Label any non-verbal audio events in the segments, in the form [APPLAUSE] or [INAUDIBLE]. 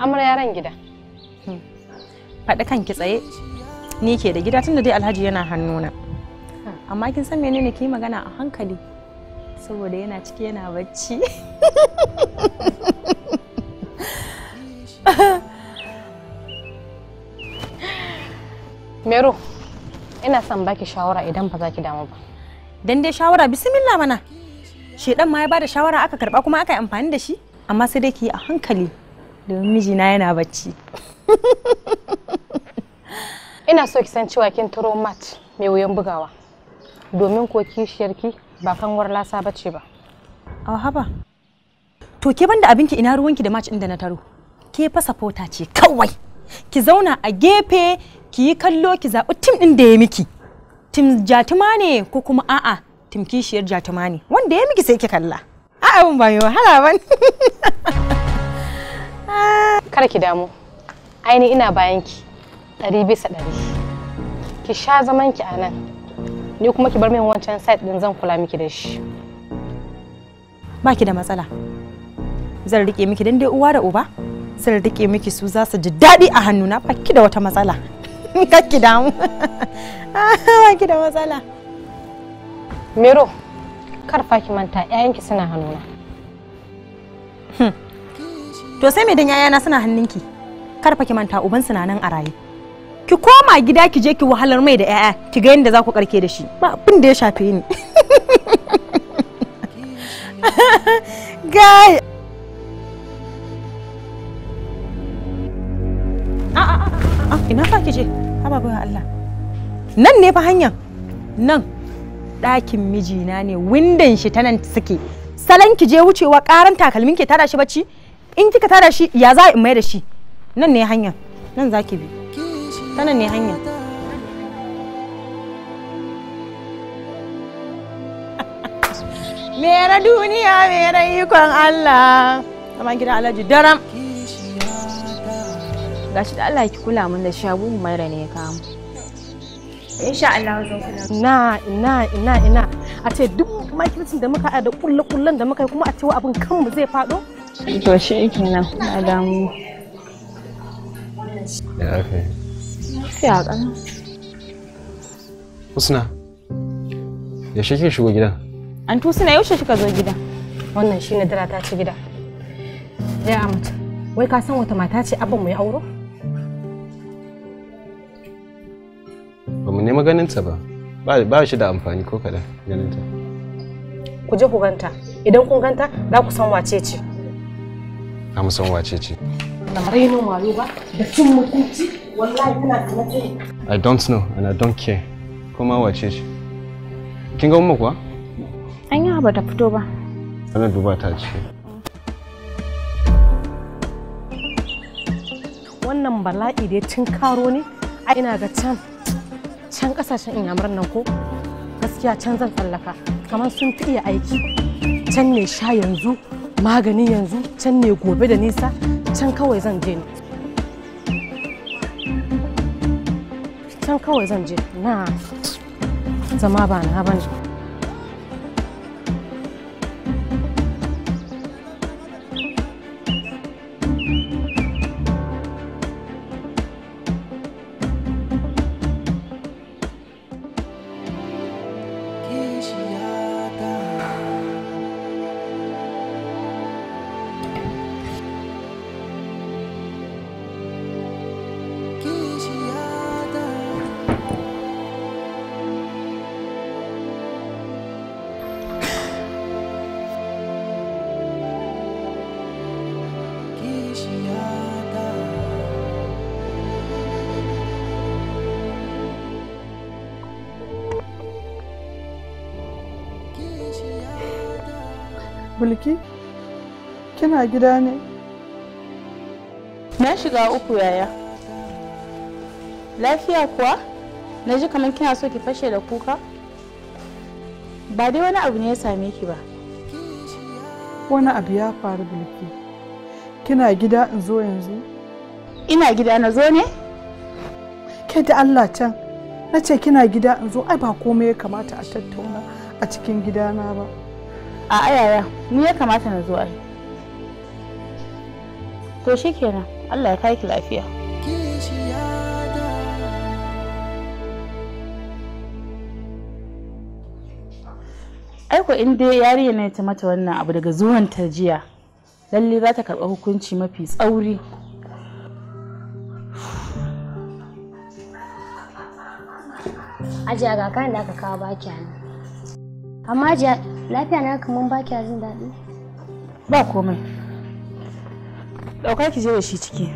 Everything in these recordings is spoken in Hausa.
amur yaran gida hmm. faɗi kanki tsaye ni ke da gida tunda dai alhaji yana hannuna hmm. amma kin san menene ki magana a hankali saboda yana ciki yana bacci mero ina son baki shawara idan ba za ki damu ba dan dai shawara bismillah mana shedan ma ya bada shawara aka karba kuma aka yi amfani da shi amma sai dai ki yi a hankali domin mijina yana bacci [LAUGHS] ina so ki san cewa kin turo mat mai wuyan bugawa domin ko kishiyarki ba kanwar lasa ba a haba to ke banda abinki ina ruwanki da match din da na taro ke fa sapota ce kawai ki zauna a gefe ki yi kallo ki zaɓi tim din da ya miki tim jatuma ne ko kuma a'a tim kishiyar jatuma ne wanda ya miki sai ki kalla a'a ban ba mai wahala ne. [LAUGHS] Kar ki damu. Aini ina bayan ki. Ɗari bisa ɗari. Ki sha zaman ki a nan. Ni kuma ki bar min wancan site ɗin zan kula miki da shi. Ba ki da matsala. Zan rike miki dan dai uwa da uba. Zan rike miki su za su ji daɗi a hannuna ba ki da wata matsala. [LAUGHS] Kar ki damu. [LAUGHS] Ba ki da matsala. Mero, kar fa ki manta 'ya'yanki suna hannuna. Hmm. to sai mai dan yayana suna hannunki kar fa ki manta uban suna nan a raye ki koma gida ki je ki wahalar mai da yaya ki ga yadda za ku karke da shi ba abin da ya shafe ni gai [LAUGHS] ina fa ki je Allah nan ne fa hanyar nan ɗakin mijina ne windan shi ta nan suke salon ki je wucewa ƙaran takalmin ke tada shi bacci in kika tara shi ya za in mai da shi nan ne hanya nan za ki bi ta nan ne hanya [LAUGHS] mera duniya mera ikon Allah kama gida alhaji daram gashi da Allah ki kula mun da shabu mai ne ka mu insha Allah zan kula na ina ina ina a ce duk makilcin da muka da kullu kullun da muka yi kuma a ce abin kanmu zai fado to shi kenan na damu ya aka yi ya kan husna ya shi kika shigo gidan an tusuna yaushe kika zo gidan wannan shi shine dara ta ci gida ya amata wai ka san wata mata ce abin mu ya auro ba mu nema ganinta ba ba shi da amfani ko kaɗan ganinta ku je ku ganta idan kun ganta za ku san wace ce ka san wace ce rainin wayo ba da cin mutunci wallahi kuna tunace i don't know and i don't care kuma wace ce kin ga umma kuwa an yi ba ta fito ba ana duba ta ce wannan bala'i da tun karo ne a ina ga can can kasashen inyamuran nan ko gaskiya can zan tsallaka kamar sun fi iya aiki can ne sha yanzu magani yanzu can ne gobe da nisa can kawai zan je can kawai zan je na zama ba na bane kana gida ne na shiga uku yaya lafiya kuwa na ji kamar kina so ki fashe da kuka ba dai wani abu ne ya same ki ba wani abu ya faru bilki kina gida in zo yanzu ina gida na zo ne ke da allah can na ce kina gida in zo ai ba komai ya kamata a tattauna a cikin gidana ba a ayaya mu ya kamata na zo ai to shikenan Allah ya kai ki lafiya aiko in dai yarinya ne ta mata wannan abu daga zuwan ta jiya lalle za ta karɓi hukunci mafi tsauri ajiya ga kan da aka kawo baki a nan amma ajiya lafiya na kamar baki a jin daɗi ba komai Ɗauka ki je da shi ciki.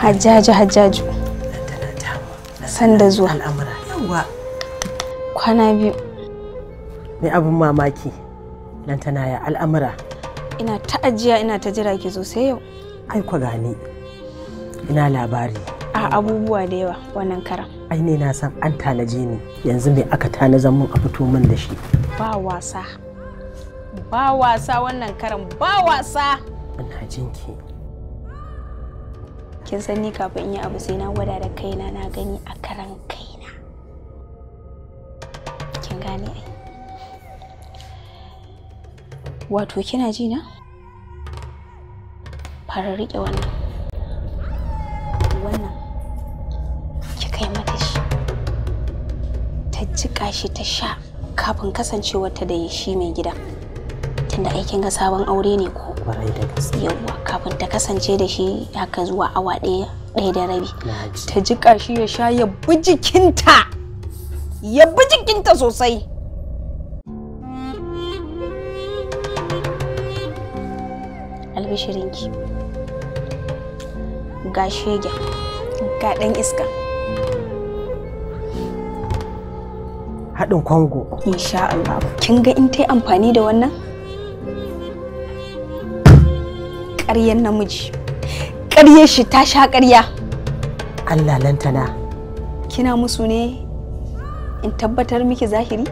Hajjaju Hajjaju. San da zuwa. Al'amura yawa. Kwana biyu. Ni abin mamaki. Lantana ya al'amura. Ina ta ajiya ina ta jira ki zo sai yau. Ai kwa gani. ina labari a abubuwa da yawa wannan karan ai ne na san an tanaje ni yanzu mai aka tanazan mun a fito min da shi ba wasa ba wasa wannan karan ba wasa ina jinki kin san ni kafin in yi abu sai na gwada da kaina na gani a karan kaina kin gane ai wato kina ji na fara riƙe wannan kashe ta sha kafin kasancewar ta da shi mai gida tunda aikin ga sabon aure ne ko yawwa kafin ta kasance da shi haka zuwa awa ɗaya ɗaya da rabi ta ji kashi ya sha ya bi jikinta ya bi jikinta sosai albishirinki ga shege ga ɗan iska haɗin kwango insha Allah kin ga in ta yi amfani da wannan Ƙaryar namiji ƙarye shi ta sha ƙarya Allah lantana kina musu ne in tabbatar miki zahiri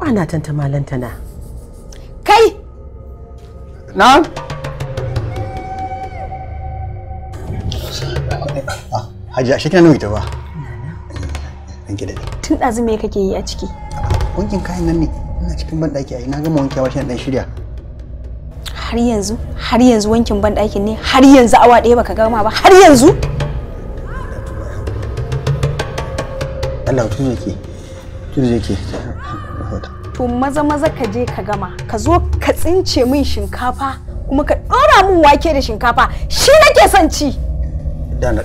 ana tantama lantana kai na ah, Hajiya, a shekina nuna ita ba? na. tun ɗazu me kake yi a ciki wankin kayan nan ne ina cikin banɗaki a na gama wankewa shi ɗan shirya har yanzu har yanzu wankin banɗakin ne har yanzu awa ɗaya baka gama ba har yanzu Allah tuzo ke tuzo ke to maza maza ka je ka gama ka zo ka tsince min shinkafa kuma ka ɗora min wake da shinkafa shi nake son ci da na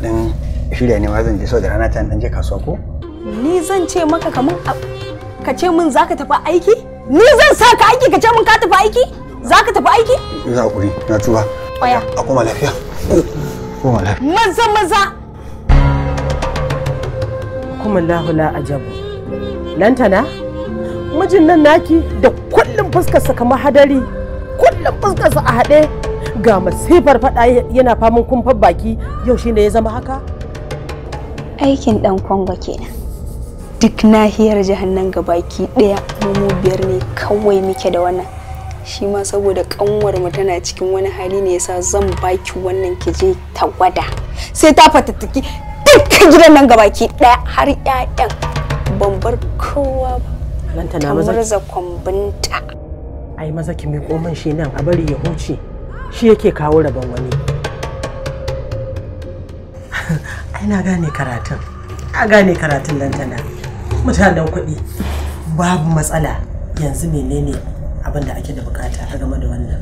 shirya ne ma zan je so da rana ta ɗan je kasuwa ko ni zan ce maka kamar ka ce min za ka tafi aiki ni zan sa ka aiki ka ce min ka tafi aiki za ka tafi aiki Ina hakuri, na tuba kwaya a kuma lafiya koma lafiya maza maza kuma lahula ajabu lantana mijin nan naki da kullum fuskarsa kamar hadari kullum fuskarsa a haɗe ga masifar faɗa yana famin kumfar baki yau shine ya zama haka aikin ɗan kwango kenan duk nahiyar jahannan gabaki daya mu biyar ne kawai muke da wannan shi ma saboda kanwar mu tana cikin wani hali ne yasa zan baki wannan ki je ta gwada sai ta fatattaki dukkan gidan nan ki daya har ƴaƴan ban bar kowa ba kamar zakon binta ai maza ki miƙo man shi nan a bari ya huce shi yake kawo rabon wani [LAUGHS] ai na gane karatun a gane karatun lantana mutanen kuɗi babu matsala yanzu menene abin da ake da bukata a game da wannan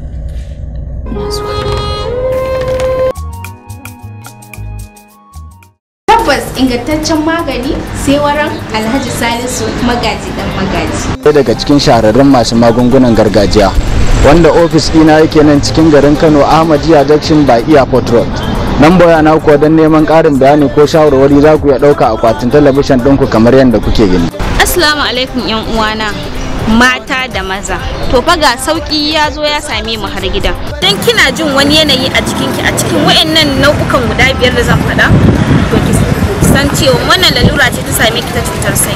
tabbas ingantaccen magani sai waran alhaji salisu magaji dan magaji daga cikin shahararrun masu magungunan gargajiya wanda ofis ɗina yake nan cikin garin kano ahmad jiya jakshin by airport road nan boya na kuwa don neman karin bayani ko shawarwari za ku iya ɗauka akwatin talabishin ɗinku kamar yadda kuke gani assalamu alaikum yan uwana mata da maza to fa sauki ya zo ya same mu har gida dan kina jin wani yanayi a cikin ki a cikin wayannan nau'ukan guda biyar da zan faɗa to ki san cewa wannan lalura ce ta same ki ta cutar sai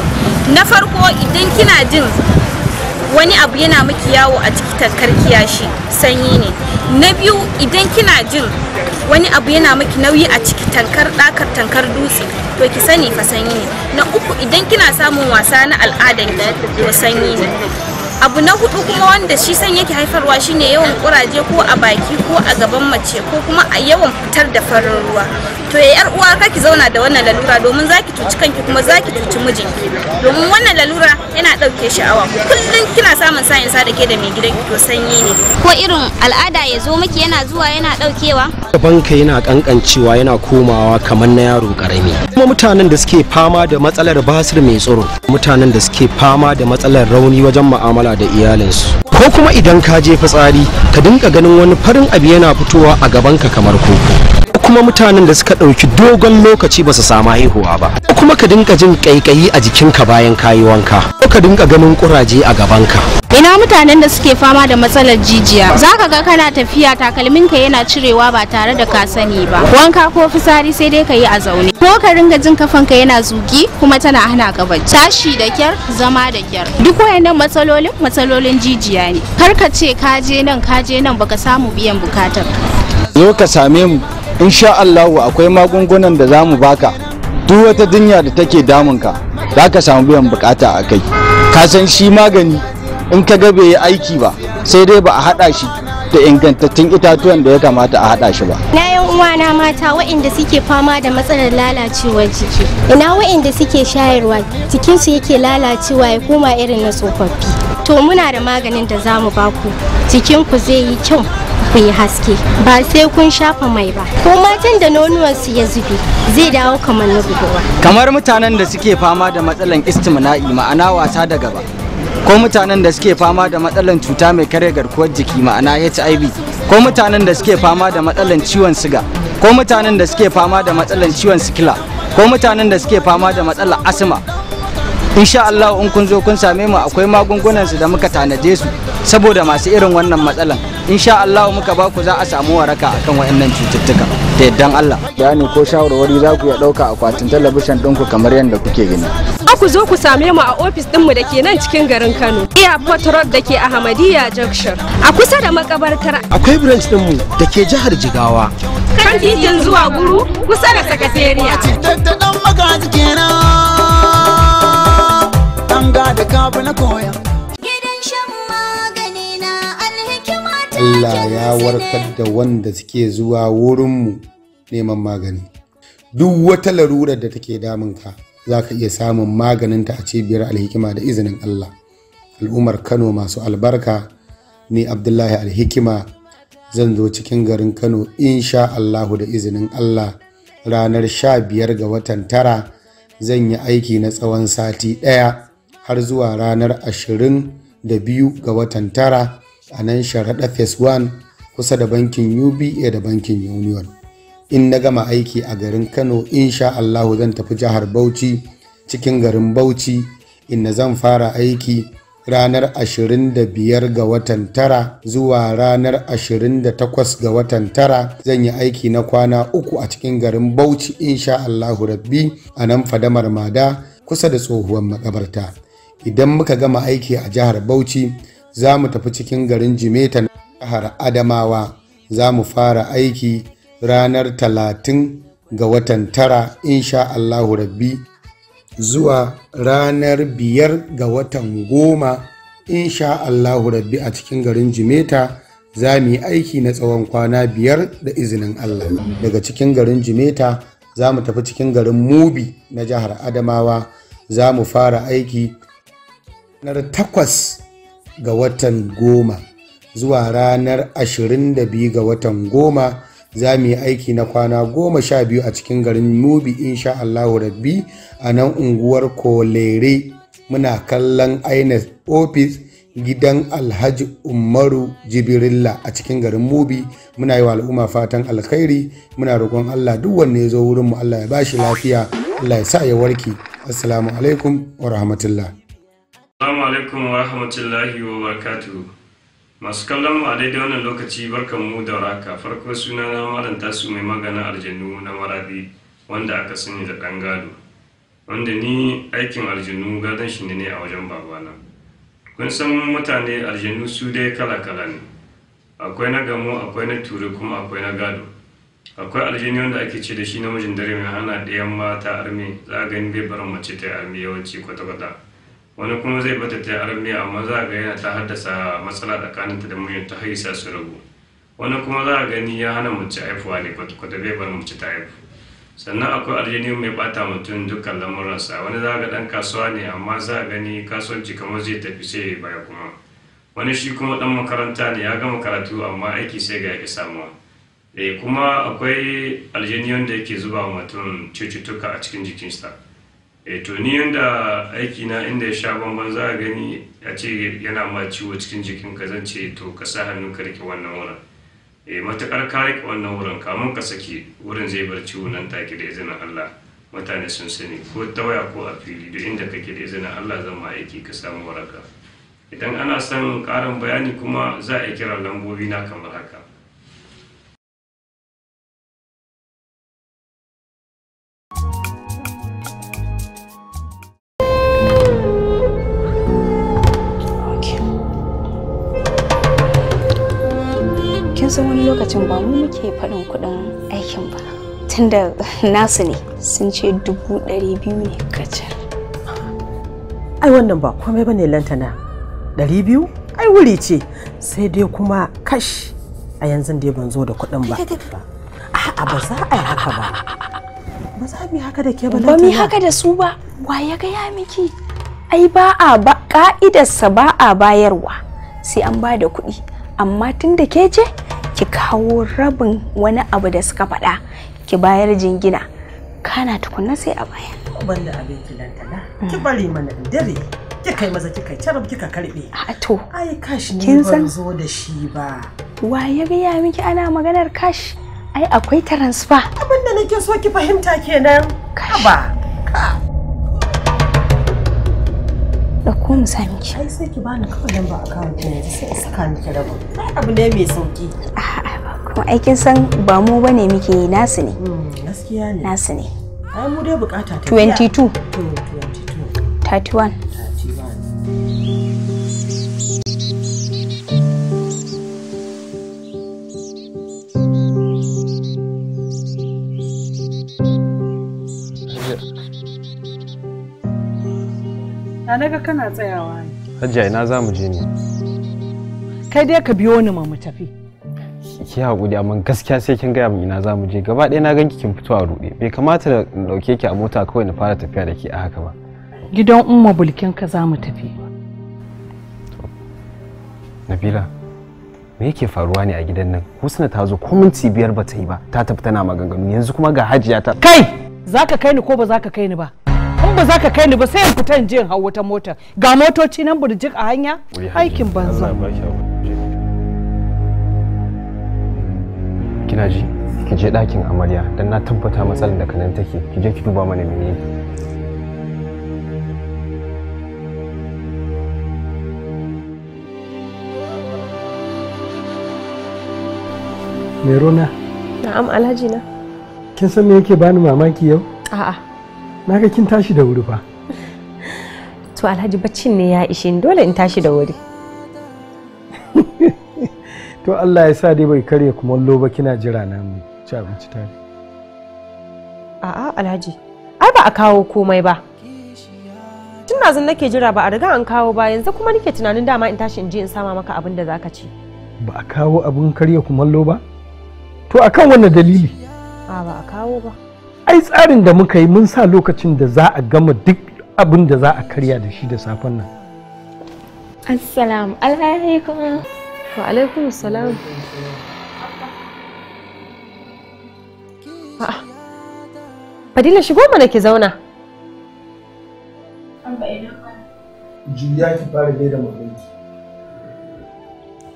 na farko idan kina jin wani abu yana miki yawo a cikin tankar kiyashi sanyi ne na biyu idan kina jin wani abu yana miki nauyi a ciki tankar ɗakar tankar dutse to ki sani fa sanyi ne na uku idan kina samun wasa na al'adan ki to sanyi ne abu na hudu kuma wanda shi san yake haifarwa shine yawan kuraje ko a baki ko a gaban mace ko kuma a yawan fitar da farin ruwa to ya yar uwa kaki zauna da wannan lalura domin zaki cuci kanki kuma zaki cuci mijinki domin wannan lalura yana dauke sha'awa kullum kina samun sayin sa da da mai ki, to sanyi ne ko irin al'ada ya zo miki yana zuwa yana daukewa gabanka yana kankancewa yana komawa kamar na yaro karami kuma mutanen da suke fama da matsalar basir mai tsoro mutanen da suke fama da matsalar rauni wajen mu'amala da iyalinsu ko kuma idan ka je fitsari ka dinka ganin wani farin abu yana fitowa a gabanka kamar koko kuma mutanen da suka ɗauki dogon lokaci ba su samu haihuwa ba kuma ka dinka jin ƙaiƙayi a jikinka bayan kayi wanka ko ka dinka ganin ƙuraje a gabanka ina mutanen da suke fama da matsalar jijiya za ka ga kana tafiya takalminka yana cirewa ba tare da ka sani ba wanka ko fisari sai dai ka yi a zaune ko ka ringa jin kafan ka yana zugi kuma tana hana ka bacci tashi da kyar zama da kyar duk wayannan matsalolin matsalolin jijiya ne kar ka ce ka je nan ka je nan baka samu biyan bukatar zo ka same mu insha Allahu akwai magungunan da za mu baka duk wata dunya da take damunka za ka samu biyan bukata a kai ka san shi magani in ka ga bai yi aiki ba sai dai ba a haɗa shi da ingantattun itatuwan da ya kamata a haɗa shi ba. Na yan uwana mata waɗanda suke fama da matsalar lalacewar jiki. Ina waɗanda suke shayarwa jikinsu yake lalacewa ya koma irin na tsofaffi. To muna da maganin da za mu baku jikinku zai yi kyau ku yi haske ba sai kun shafa mai ba ko matan da su ya zube zai dawo kamar na gudowa kamar mutanen da suke fama da matsalan istimna'i ma'ana wasa da gaba ko mutanen da suke fama da matsalan cuta mai karya garkuwar jiki ma'ana hiv ko mutanen da suke fama da matsalan ciwon siga ko mutanen da suke fama da matsalan ciwon sikila ko mutanen da suke fama da matsalar asma insha Allah in kun zo kun same mu akwai magungunan su da muka tanaje su saboda masu irin wannan matsalan insha Allah muka ba ku za a samu waraka akan waɗannan cututtuka da yaddan Allah bayani ko shawarwari za ku ya ɗauka akwatin talabishin ku kamar yadda kuke gani ku zo ku same mu a ofis ɗinmu da ke nan cikin garin Kano airport road da ke Ahmadiyya junction a kusa da makabartar akwai branch ɗinmu da ke jihar Jigawa kan titin zuwa guru kusa da sakatariya ganga da kabu na koya gidan shan magani na alhikima Allah ya warkar da wanda suke zuwa wurinmu neman magani duk wata larurar da take ka za ka iya samun maganinta a cibiyar alhikima da izinin Allah al'ummar Kano masu albarka ni Abdullahi alhikima zan zo cikin garin Kano insha Allahu da izinin Allah ranar sha biyar ga watan tara zan yi aiki na tsawon sati ɗaya har zuwa ranar 22 ga watan tara a nan sharaɗa phase 1 kusa da bankin uba da bankin union in na gama aiki a garin kano insha allahu zan tafi jihar bauchi cikin garin bauchi inda zan fara aiki ranar 25 ga watan tara zuwa ranar 28 ga watan tara zan yi aiki na kwana uku a cikin garin bauchi insha allahu rabbi a nan fadamar mada kusa da tsohuwar makabarta idan muka gama aiki a jihar bauchi za mu tafi cikin garin jimeta na jihar adamawa za mu fara aiki ranar talatin ga watan tara insha allahu rabbi zuwa ranar biyar ga watan goma insha allahu rabbi a cikin garin jimeta za mu yi aiki na tsawon kwana biyar da izinin allah daga cikin garin jimeta za mu tafi cikin garin mubi na jihar adamawa za mu fara aiki ranar takwas ga watan goma zuwa ranar ashirin da biyu ga watan goma za mu yi aiki na kwana goma sha biyu a cikin garin mubi insha Allahu rabbi a nan unguwar kolere muna kallon inec ofis gidan alhaji umaru jibirilla a cikin garin mubi muna yi wa al'umma fatan alkhairi muna roƙon allah duk wanne ya zo wurinmu allah ya bashi lafiya allah ya sa ya warke assalamu alaikum wa rahmatullah Assalamu alaikum wa rahmatullahi wa barakatuhu. Masu kallon mu a daidai wannan lokaci mu da raka farko suna na malam tasu mai magana aljannu na marabi wanda aka sani da dan gado. Wanda ni aikin aljannu gadon shi ne a wajen babana. Kun san mutane aljannu su dai kala-kala ne. Akwai na gamo, akwai na ture kuma akwai na gado. Akwai aljini wanda ake ce da shi namijin dare mai hana ɗayan mata arme za a gani bai barin mace ta yi arme yawanci kwata-kwata. wani kuma zai bata ta aran ne amma za ga yana ta haddasa matsala tsakanin ta da mijin ta haisa su rabu wani kuma za a gani ya hana mace haifuwa ne kwata-kwata bai bar mace ta haifu sannan akwai aljini mai bata mutum dukkan lamuransa wani za ga dan kasuwa ne amma za a gani kasuwanci kamar zai tafi sai baya kuma wani shi kuma dan makaranta ne ya gama karatu amma aiki sai ga ya samuwa eh, kuma akwai aljini wanda yake zuba wa mutum cututtuka a cikin jikinsa e to ni yanda aiki na inda ya sha bamban za a gani a ce yana ma ciwo cikin jikin ka zan ce to ka sa hannun ka rike wannan wurin e eh, matakar ka rike wannan wurin kamun ka saki wurin zai bar ciwo nan take da izinin Allah mutane sun sani ko ta waya ko a fili duk inda kake da izinin Allah zan ma aiki ka samu waraka idan ana son karin bayani kuma za a kira lambobi na kamar haka lokacin ba mu muke faɗin kuɗin aikin ba tunda nasu ne sun ce dubu ɗari biyu ne kacal ai wannan ba komai bane lantana ɗari biyu ai wuri ce sai dai kuma kashi a yanzu dai ban zo da kuɗin ba a'a ba za a yi haka ba ba za mu yi haka da ke ba lantana. ba mu yi haka da su ba wa ya gaya miki ai ba a ba ka'idarsa ba a bayarwa sai an ba da kuɗi amma tun da ke je. ki kawo rabin wani abu da suka faɗa ki bayar jingina kana tukunna sai a baya banda abin kilantana ki bari mana dare ki kai maza ki kai carab kika karbe a to ai kashi ne ban zo da shi ba wa ya biya miki ana maganar kashi ai akwai transfer abin da nake so ki fahimta kenan kaba ɗauko mu sami ki. Ai sai ki bani kawai lamba account ne sai saka miki Ai abu ne mai sauki. A'a kuma aikin san ba mu bane muke yi nasu ne. Hmm, gaskiya ne. Nasu ne. Ai mu dai bukata ta. 22. 22. 31. Ya naga kana tsayawa ne. Hajjai ina za mu je ne. Kai dai ka biyo ni ma mu tafi. Ki haƙuri amma gaskiya sai kin gaya min ina za mu je. Gaba ɗaya na ganki kin fito a ruɗe. Bai kamata na ɗauke ki a mota kawai na fara tafiya da ke a haka ba. Gidan Umma Bulkin ka za mu tafi. Nabila, me yake faruwa ne a gidan nan? Husna ta zo ko minti biyar ba ta yi ba. Ta tafi tana maganganu yanzu kuma ga Hajiya ta. Kai! Za ka kai ni ko ba za ka kai ni ba? in ba za ka kai ni ba sai in fita in je in hau wata mota ga motoci nan burjik a hanya aikin banza kina ji ki je ɗakin amarya don na tabbata matsalar da kanan take ki je ki duba mana menene rona? Na'am Alhaji na. Kin san me yake bani mamaki yau? A'a. na ga kin tashi da wuri fa [LAUGHS] to alhaji baccin ne ya ishe ni dole in tashi da wuri [LAUGHS] to Allah ya sa dai bai karya kumallo ba kina jira na mu ci abinci tare a'a alhaji ai ba a kawo komai ba tun da nake jira ba a riga an kawo ba yanzu kuma nake tunanin dama in tashi in je in sama maka abin da zaka ci ba a kawo abin karya kumallo ba to akan wannan dalili a ba a kawo ba ai tsarin da muka yi mun sa lokacin da za a gama duk abin da za a karya da shi da safen nan assalamu alaikum wa alaikum salam ah. fadila shigo mana ki zauna Juliya ki fara da magana.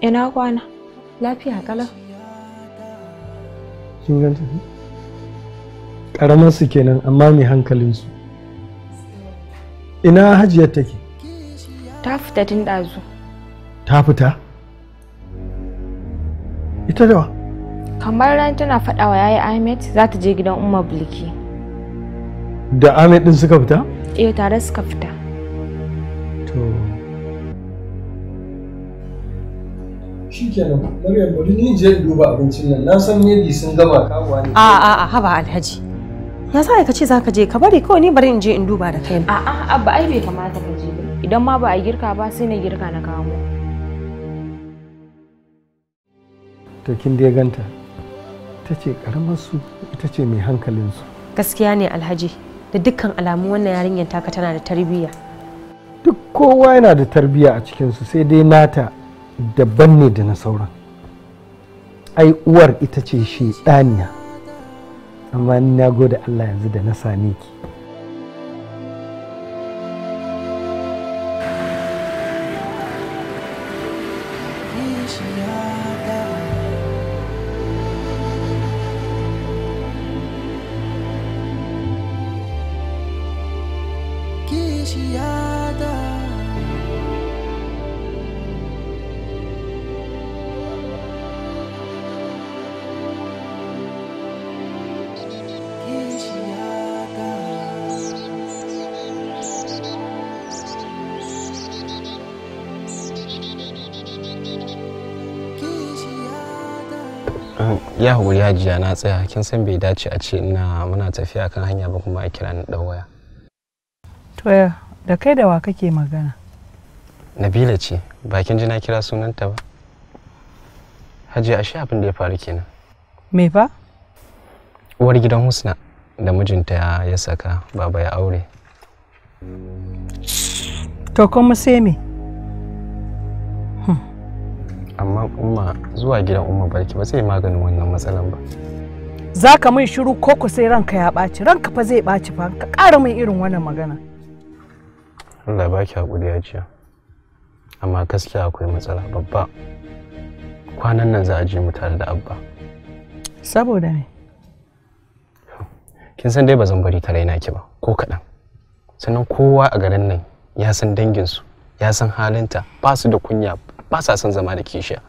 Ina kwana, lafiya kala. Kin ganta? karamar su kenan amma mai hankalin su ina hajiyar take ta fita tun ɗazu ta fita ita dawa kamar ran tana fada wa yayi ahmed za ta je gidan umma bulki. da ahmed din suka fita eh tare suka fita to shikenan maryam bari ni je duba abincin nan na san ne sun gama kawo ne a a a haba alhaji ya sa ka ce za ka je ka bari kawai ni bari in je in duba da kaina a'a abba ai bai kamata ka je ba idan ma ba a girka ba sai na girka na kawo to kin dai ganta ta ce karamar su ita ce mai hankalin su gaskiya ne alhaji da dukkan alamu wannan yarinyar taka tana da tarbiyya duk kowa yana da tarbiyya a cikin su sai dai nata daban ne da na sauran ai uwar ita ce shi ɗaniya amma na gode Allah yanzu da na same ki ya haƙuri hajiya na tsaya kin san bai dace a ce ina muna tafiya kan hanya ba kuma a kira ni ɗan waya to da kai da wa kake magana nabila ce bakin ji na kira sunanta ba hajiya ashe abin da ya faru kenan me fa uwar gidan husna da mijinta ya saka baba ya aure to kuma sai me amma umma zuwa gidan umma barki ba zai maganin wannan matsalan ba za ka mai shiru ko ku sai ranka ya ɓaci ranka fa zai ɓaci fa ka ƙara mai irin wannan magana Allah ba ki haƙuri ajiya amma gaskiya akwai matsala babba kwanan nan za a je mu tare da abba saboda ne kin san dai ba zan bari ta raina ki ba ko kaɗan sannan kowa a garin nan ya san danginsu ya san halinta ba su da kunya ba sa son zama da kishiya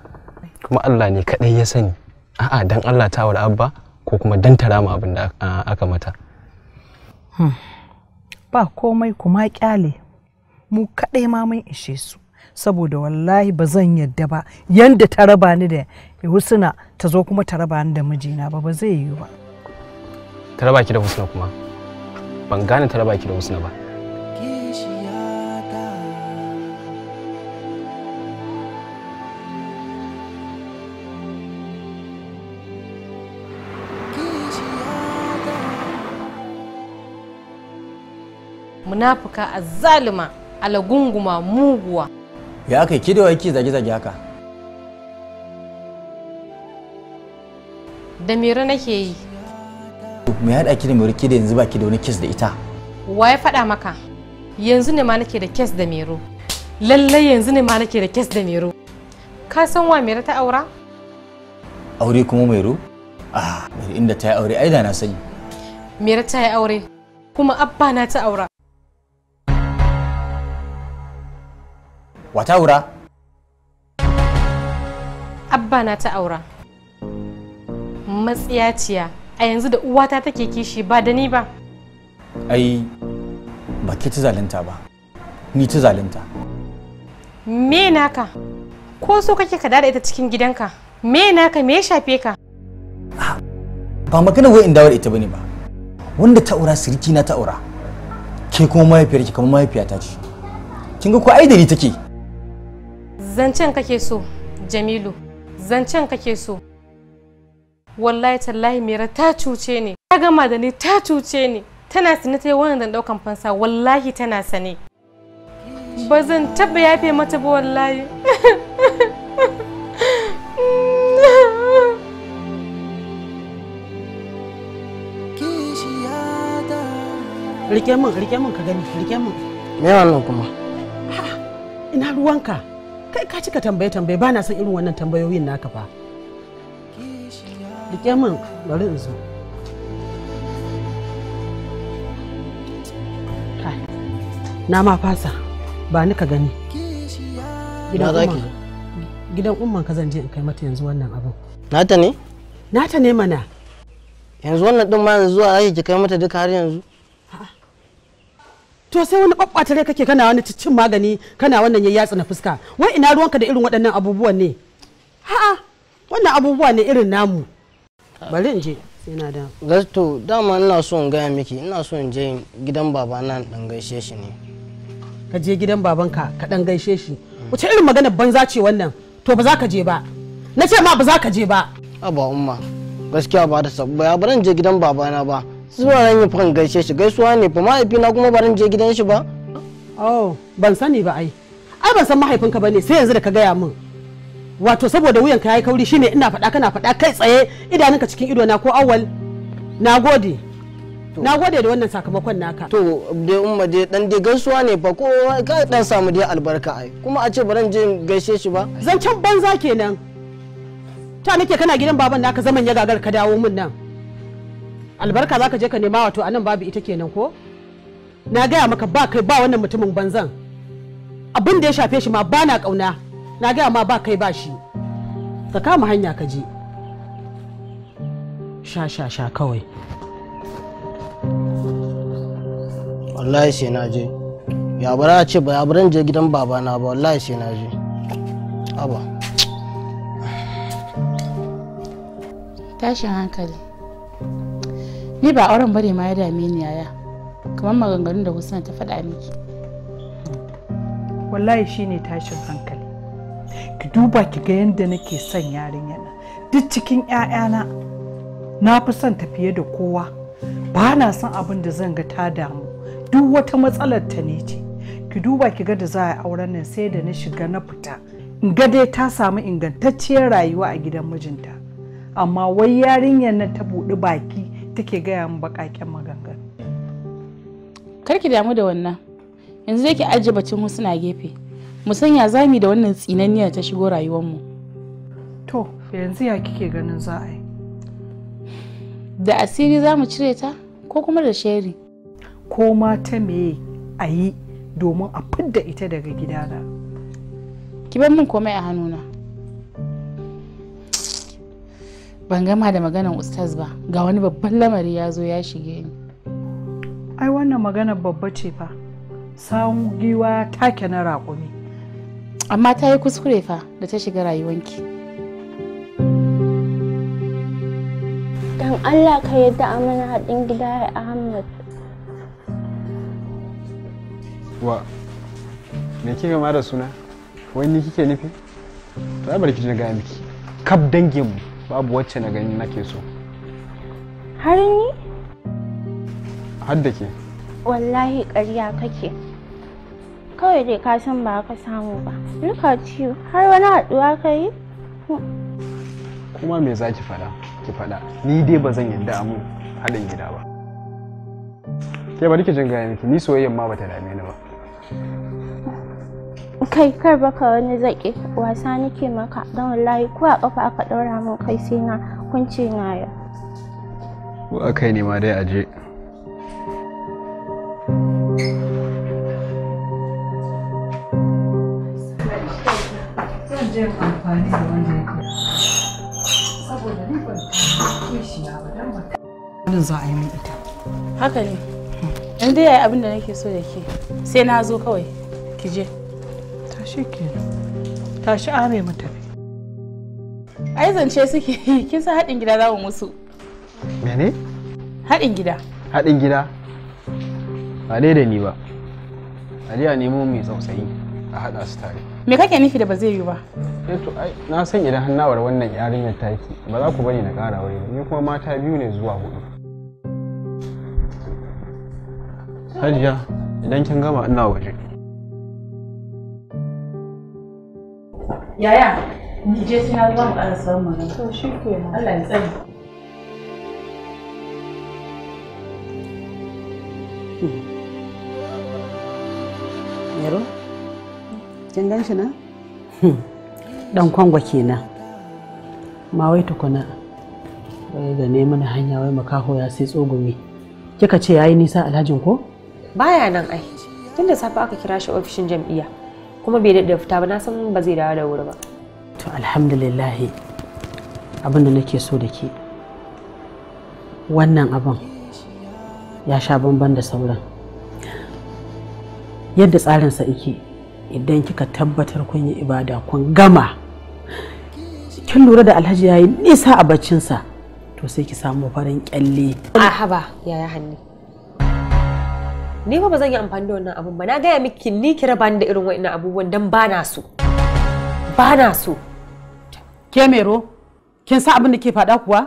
kuma Allah ne kaɗai ya sani a'a dan Allah ta wada abba ko kuma dan ta rama abin da aka mata hmm. ba komai kuma kyale mu kaɗai ma mun ishe su saboda wallahi ba zan yadda ba yanda ta raba ni da husna ta zo kuma ta raba ni da mijina ba ba zai yiwu ba ta raba ki da husna kuma ban gane ta raba ki da husna ba munafuka azzalima alagunguma muguwa ya aka ki da waki zage-zage haka da mera nake yi me ya ki da mere ki da yanzu ki da wani kes da ita wa ya faɗa maka yanzu ne ma nake da kes da mero lallai yanzu ne ma nake da kes da mero ka san wa Mera ta aura aure kuma mero ah inda ta yi aure ai da na sani mera ta yi aure kuma abba na ta aura wa ta aura abba na ta aura matsiyaciya a yanzu da uwata take kishi ba da ni ba ai ba ke ta zalunta ba ni ta zalunta me naka ko so kake ka dada ita cikin gidanka me naka me ya shafe ka ah, ba magana wai in dawo da ita bane ba wanda ta aura sirki na ta aura ke kuma mahaifiyarki kamar mahaifiyata ce kin ga ko ai da ni take zancen kake so jamilu zancen kake so wallahi tallahi mera ta cuce ne ta gama da ni ta cuce ne tana sani ta yi wannan dan daukan fansa wallahi tana sani ba zan taba yafe mata ba wallahi rike min rike min ka gani rike min me wannan kuma ina ruwanka ka cika tambaye tambaye ba na son irin wannan tambayoyin naka fa Dike min bari in zo na ma fasa ba ni ka gani gidan umman ka zan je in kai mata yanzu wannan Na nata ne nata ne mana yanzu wannan din ma zuwa zaki ki kai mata duka har yanzu to sai wani babbata rai kake kana wani cin magani kana wannan ya yatsa na fuska wai ina ruwanka da irin waɗannan abubuwan ne ha'a wannan abubuwa ne irin namu bari in je yana da gasto dama ina so in gaya miki ina so in je gidan babana dan gaishe shi ne ka je gidan babanka ka dan gaishe shi wace irin magana banza ce wannan to ba za ka je ba na ce ma ba za ka je ba abba umma gaskiya ba da sabba ya baran je gidan babana ba zuwa nan yi fan gaishe shi gaisuwa ne fa mahaifina kuma barin je gidan shi ba oh ban sani ba ai ai ban san mahaifinka bane sai yanzu da ka gaya min wato saboda wuyan ka yayi kauri shine ina faɗa kana faɗa kai tsaye idanunka cikin ido na ko awwal nagode nagode da wannan sakamakon naka to da umma je dan dai gaisuwa ne fa ko ka dan samu dai albarka ai kuma a ce baran je gaishe shi ba zancen banza kenan ta nake kana gidan baban naka zaman ya gagar ka dawo min nan albarka zaka je ka nema wato anan babu ita kenan ko na gaya maka ba kai ba wannan mutumin banzan abin da ya shafe shi ma ba na kauna na gaya ma ba kai ba shi ka kama hanya ka je sha sha sha kawai wallahi sai na je ya bara a ce ba ya bara je gidan babana ba wallahi sai na je aba tashin hankali ni ba auren bane ma ya dame ni yaya kamar maganganun da husna ta faɗa miki wallahi shine tashin hankali ki duba ki ga yadda nake son yarinya na duk cikin 'ya'yana na fi son ta fiye da kowa ba na son abin da zan ga ta damu duk wata matsalar ta ne ce ki duba ki ga da za a auren nan sai da na shiga na fita in ga dai ta samu ingantacciyar rayuwa a gidan mijinta amma wai yarinyar nan ta buɗi baki take gaya mu baƙaƙen maganganu kar damu da wannan yanzu dai ki ajiye bacin mu suna gefe mu sanya zami da wannan tsinanniya ta shigo rayuwar mu to yanzu ya kike ganin za a yi da asiri za mu cire ta ko kuma da sheri ko ma ta meye a yi domin a fidda ita daga gidana ki bar min komai a hannuna ban gama da maganan ustaz ba ga wani babban lamari ya zo ya shige ni ai wannan magana babba ce fa sawun giwa take na raƙumi amma ta yi kuskure fa da ta shiga rayuwanki don allah ka yadda amana haɗin gida ya ahmad wa me kika ma da suna wani kike nufi to ai bari ki na gaya miki kab dangin mu babu wacce na gani nake so har ni har da wallahi ƙarya kake kawai dai ka san ba ka samu ba luka ciwo har wani haɗuwa ka yi kuma me za ki faɗa ki faɗa ni dai ba zan yarda a mun haɗin gida ba ke bari ki jin gaya miki ni soyayyen ma bata dame ni ba kai kar baka wani zaƙi wasa nake maka don wallahi ko a ƙafa aka ɗaura min kai sai na kunce na yau ko a kai ne ma dai aje Wannan za a yi min ita. Haka ne. Hmm. In dai yayi abin da nake so da ke sai na zo kawai ki je. shi kenan tashi ame mu tafi ai zance suke kin san haɗin gida za mu musu mene haɗin gida haɗin gida ba dai da ni ba a je a nemo mai tsautsayi a haɗa su tare me kake nufi da ba zai yi ba eh to ai na san idan hannawar wannan yarinyar ta taki ba za ku bari na ƙara wuri ni kuma mata biyu ne zuwa hudu hajiya idan kin gama ina waje Yaya, mu je sai na zuwa mu ƙara samun magana. To shi ke Allah ya tsare. Hmm. Yaro, kin gan shi nan? Hmm. Dan kwangwa kenan. Ma wai tukuna. Wai ga neman mana hanya wai makaho ya sai tsogumi. Kika ce ya yi nisa alhajin ko? Baya nan ai. tun da safe aka kira shi ofishin jam'iyya. kuma bai daɗa fita ba na san ba zai dawo da wuri ba to alhamdulillah abin da nake so da ke wannan abin ya sha bamban da sauran yadda tsarinsa yake idan kika tabbatar kun yi ibada kun gama kin lura da alhaji yayi nisa a baccinsa to sai ki samu farin kyalle Ahaba yaya hannu ni fa ba zan yi amfani da wannan abun ba na gaya miki ni kira raba ni da irin wa'annan abubuwan dan ba na so ba na so ke mero kin san abin da ke faɗa kuwa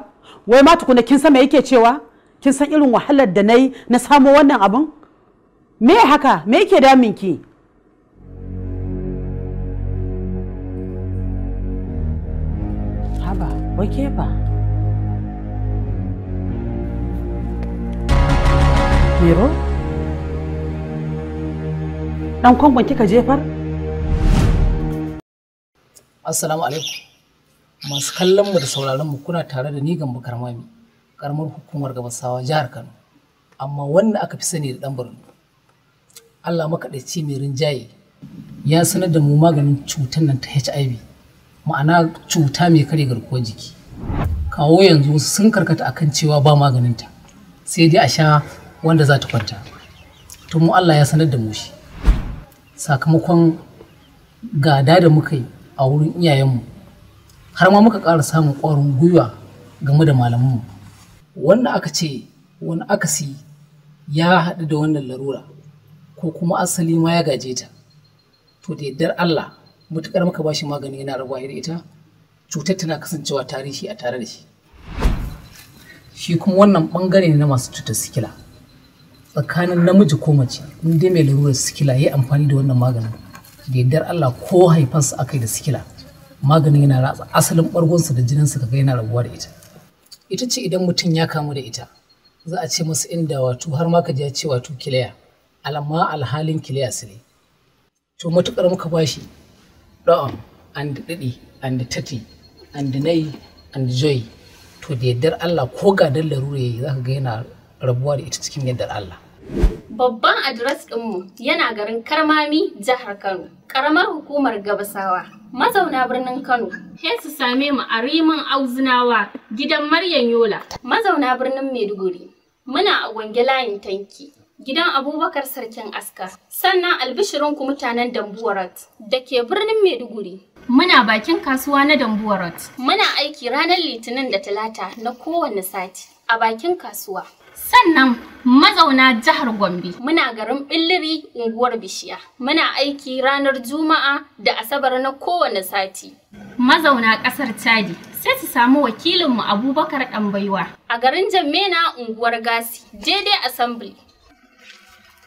wai ma tukuna kin san me yake cewa kin san irin wahalar da nayi na samo wannan abun me haka me yake damin ki haba wai ke ba mero dan kwankwan kika jefar assalamu alaikum masu kallon mu da sauraron mu kuna tare da ni gambo karmami karamar hukumar gabasawa jihar kano amma wanda aka fi sani da dan borno allah ci mai rinjaye ya sanar da mu maganin cutar nan ta hiv ma'ana cuta mai karya garkuwar jiki kawo yanzu sun karkata akan cewa ba maganin ta sai dai a sha wanda za ta kwanta tun mu Allah ya sanar da mu shi sakamakon gada da muka yi a wurin iyayenmu har ma muka ƙara samun ƙwarin gwiwa game da malamanmu wanda aka ce wani akasi ya haɗu da wannan larura ko kuma asali ma ya gaje ta to da yardar Allah mutukar muka bashi magani yana rabuwa da ita cutar tana kasancewa tarihi a tare da shi shi kuma wannan bangare ne na masu cutar sikila tsakanin namiji ko mace in dai mai larurar sikila ya yi amfani da wannan maganin da yardar Allah ko haifansa aka yi da sikila maganin yana ratsa asalin bargonsa da jininsa ka yana rabuwa da ita ita ce idan mutum ya kamu da ita za a ce masa inda wato har ma ka ji ce wato kiliya alamma alhalin kiliya su ne to matukar muka bashi da'am and didi and tati and nai and joy to da yardar Allah ko gadan larura yi za ka ga yana rabuwa da ita cikin yadda Allah. Babban adres ɗinmu yana garin Karmami, jihar Kano, ƙaramar hukumar Gabasawa. Mazauna birnin Kano, sai su same mu a Rimin Auzunawa, gidan Maryam Yola. Mazauna birnin Maiduguri, muna a Gwange layin tanki. Gidan Abubakar Sarkin Aska, sannan albishirin ku mutanen Dambuwarat da ke birnin Maiduguri, Muna bakin kasuwa na Dambuwarat. Muna aiki ranar Litinin da Talata na kowane sati a bakin kasuwa. sannan mazauna jihar Gombe. Muna garin Billiri unguwar Bishiya. Muna aiki ranar Juma'a da Asabar na kowane sati. Mazauna ƙasar Chadi sai su samu wakilinmu Abubakar Ɗanbaiwa a garin Jammena unguwar Gasi, daidai Assembly.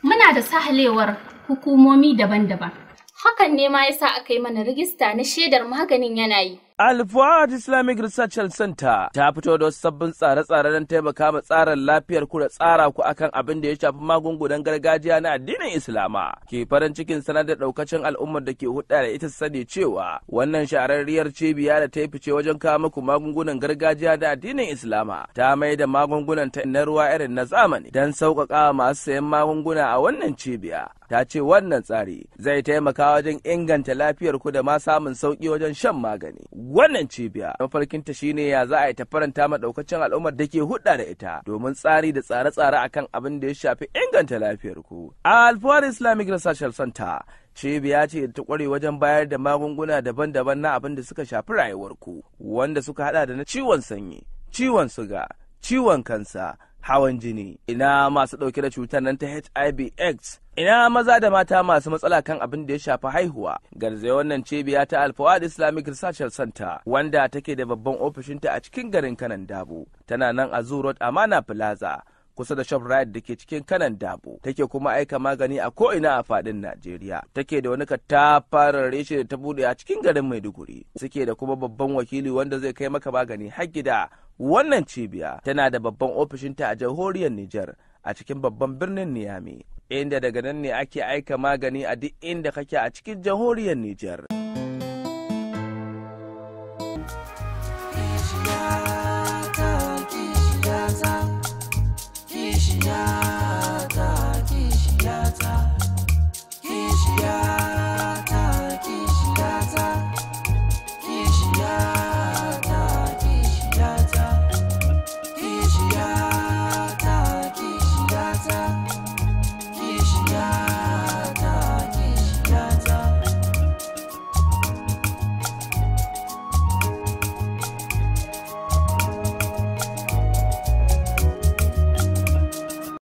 Muna da sahalewar hukumomi daban-daban. Hakan ne ma yasa aka yi mana rijista na shaidar maganin yanayi. Alfuad Islamic Research Center ta fito da wasu sabbin tsare-tsare don taimaka ma tsarin lafiyar ku da tsara ku akan abin da ya shafi magungunan gargajiya na addinin Islama. Ke farin cikin sanar da ɗaukacin al'ummar da ke hudda da ita sani cewa wannan shahararriyar cibiya da ta yi fice wajen kawo muku magungunan gargajiya da addinin Islama ta mai da magungunan ta na ruwa irin na zamani don sauƙaƙa masu sayan magunguna a wannan cibiya. Ta ce wannan tsari zai taimaka wajen inganta lafiyar ku da ma samun sauƙi wajen shan magani. wannan cibiya mafarkinta shine ya za a yi ta faranta ma al'ummar da ke hudda da ita domin tsari da tsare-tsare akan abin da ya shafi inganta lafiyar ku alfawar islamic research center cibiya ce ta kware wajen bayar da magunguna daban-daban na abin da suka shafi rayuwarku wanda suka hada da na ciwon sanyi ciwon suga ciwon kansa hawan jini ina masu ɗauke da cutar nan ta hiv aids ina maza da mata masu matsala kan abin da ya shafi haihuwa garzaya wannan cibiya ta alfawad islamic research center wanda take da babban ofishinta a cikin garin kanan dabo tana nan a zoo road amana plaza kusa da shoprite da ke cikin kanan dabo take kuma aika magani a ko ina a fadin najeriya take da wani katafarar reshe da ta bude a cikin garin maiduguri suke da kuma babban wakili wanda zai kai maka magani har gida wannan cibiya tana da babban ofishinta a jamhuriyar niger a cikin babban birnin niyami inda daga nan ne ake aika magani a duk inda kake a cikin jamhuriyar niger Yeah.